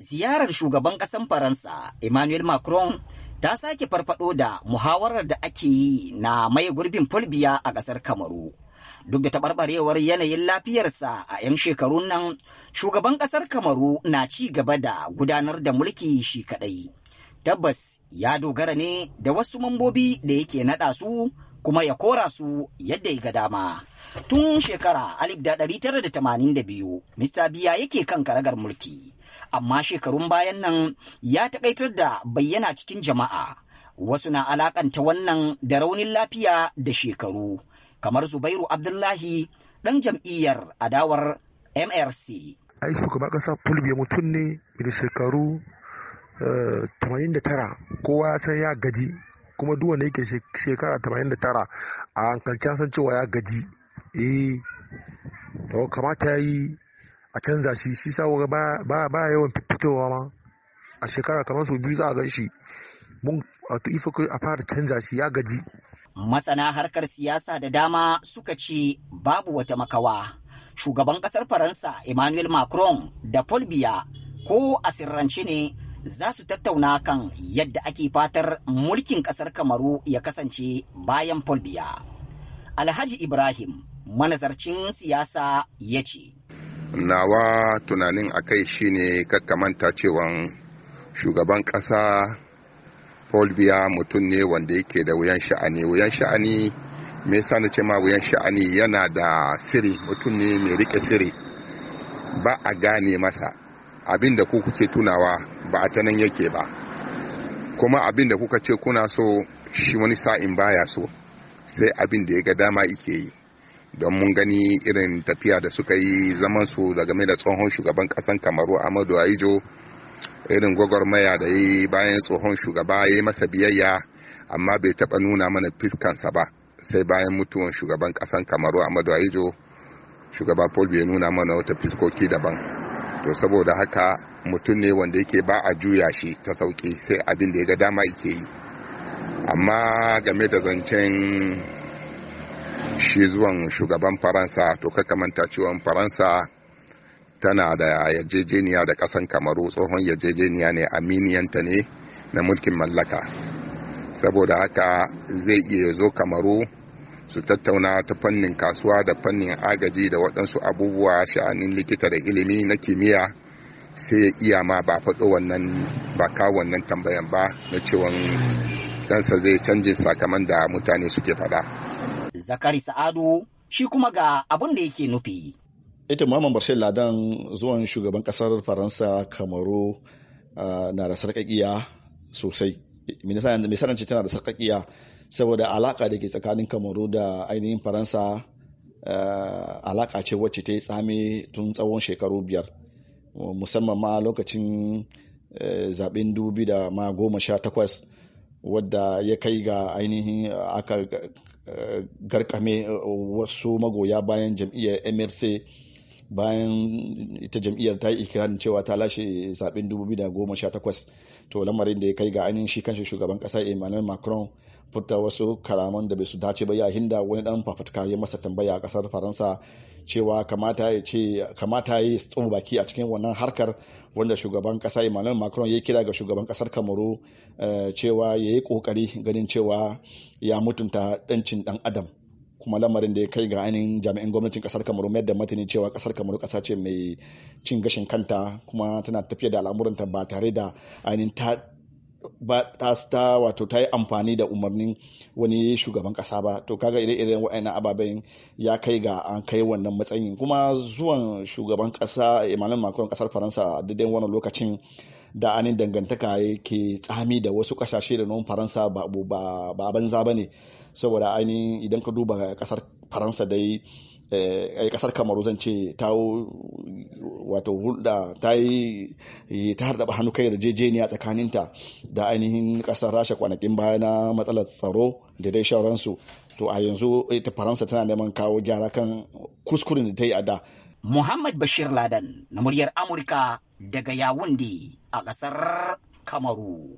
ziyarar shugaban ƙasar Faransa Emmanuel Macron ta sake farfado da muhawarar da ake yi na mai gurbin fulbiya a ƙasar Kamaru. Duk da taɓarɓarewar yanayin lafiyarsa a 'yan shekarun nan, shugaban ƙasar Kamaru na ci gaba da gudanar da mulki shi kaɗai. Tabbas ya dogara ne da wasu mambobi da yake naɗa su kuma ya kora su yadda ya ga dama. Tun shekara 1982, Mr. Biya yake kan karagar mulki, amma shekarun bayan nan ya taƙaitar da bayyana cikin jama'a. Wasu na alakanta wannan da raunin lafiya da shekaru, kamar Zubairu Abdullahi ɗan jam'iyyar adawar MRC. Ai, shugaban ƙasa Fulbiya mutum ne da shekaru 89 eh, kowa ya san ya gaji kuma duk wanda yake shekara 89 a hankalci san cewa ya gaji eh to kamata yi a canza shi shi ba ba yawan fitowa ma a shekara kamar su biyu za a shi mun a fara canza shi ya gaji masana harkar siyasa da dama suka ce babu wata makawa shugaban kasar faransa emmanuel macron da paul biya ko a sirrance ne za su tattauna kan yadda ake fatar mulkin kasar kamaru ya kasance bayan paul biya alhaji ibrahim manazarcin siyasa ya ce nawa tunanin a kai shi ne manta cewa shugaban ƙasa paul biya mutum ne wanda yake da wuyan sha'ani wuyan sha'ani me yasa na ce ma wuyan sha'ani yana da siri mutum ne mai rike siri ba a gane masa abin da ku kuke tunawa ba a ta nan yake ba kuma abin da kuka ce kuna so shi wani sa'in baya so sai abin da ya ga dama ike yi don mun gani irin tafiya da suka yi zaman su da game da tsohon shugaban kasan kamaru amadu aijo irin gwagwarmaya da yi bayan tsohon shugaba ya yi masa biyayya amma bai taɓa nuna mana fiskansa ba sai bayan mutuwan shugaban kasan kamaru amadu aijo shugaba paul bai nuna mana wata fiskoki daban to saboda haka mutum ne wanda yake ba a juya shi ta sauki sai abin da ya ga dama yake yi amma game da zancen shi zuwan shugaban faransa to manta cewa faransa tana da yarjejeniya da kasan kamaru tsohon yarjejeniya ne aminiyanta ne na mulkin mallaka saboda haka zai iya zo kamaru su tattauna ta fannin kasuwa da fannin agaji da waɗansu abubuwa sha'anin likita da ilimi na kimiyya sai ya iya ma ba faɗo wannan ba kawo wannan tambayan ba na cewa ɗansa zai canjin sakamanda da mutane suke faɗa Zakari Sa'adu shi kuma ga abin da yake nufi. Ita Muhammad Bashir Ladan zuwan shugaban kasar Faransa Kamaru na da sarkakiya sosai. Mai sanance tana da sarkakiya saboda alaƙa da ke tsakanin Kamaru da ainihin Faransa alaka ce wacce ta yi tsami tun tsawon shekaru biyar. Musamman ma lokacin e, zaben dubi da ma goma sha takwas wadda ya kai ga ainihin aka garkame eh, wasu magoya bayan jam'iyyar mrc bayan ita jam'iyyar ta yi ikirarin cewa ta lashe zaben 2018 to lamarin da ya kai ga ainihin shi kanshi shugaban kasa emmanuel macron furta wasu karaman da bai su dace ba yayin da wani dan fafutuka ya masa tambaya a kasar faransa cewa kamata ya ce kamata ya yi baki a cikin wannan harkar wanda shugaban kasa emmanuel macron ya kira ga shugaban kasar kamaru eh, cewa ya yi kokari ganin cewa ya mutunta dancin dan adam kuma lamarin da ya kai ga ainihin jami'in gwamnatin kasar kamaru mayar da martani cewa kasar kamaru kasa ce mai cin gashin kanta kuma tana tafiya da al'amuranta ba tare da ainihin ta ba ta wato ta yi amfani da umarnin wani shugaban kasa ba to kaga ire-iren wa'annan ababen ya kai ga an kai wannan matsayin kuma zuwan shugaban kasa emmanuel macron kasar faransa a daidai wannan lokacin da anin dangantaka yake tsami da wasu kasashe da noman faransa ba banza ba ne saboda ainihin idan ka duba kasar faransa dai eh, a kasar kamaru zan ce ta wato hulɗa ta yi ta hannu kai yarjejeniya tsakaninta da ainihin kasar rasha kwanakin baya na matsalar tsaro da dai shawararsu to a yanzu ita faransa tana neman kawo gyara kan kuskuren da ta yi a da Muhammad Bashir Ladan na muryar Amurka daga Yawundi a ƙasar Kamaru.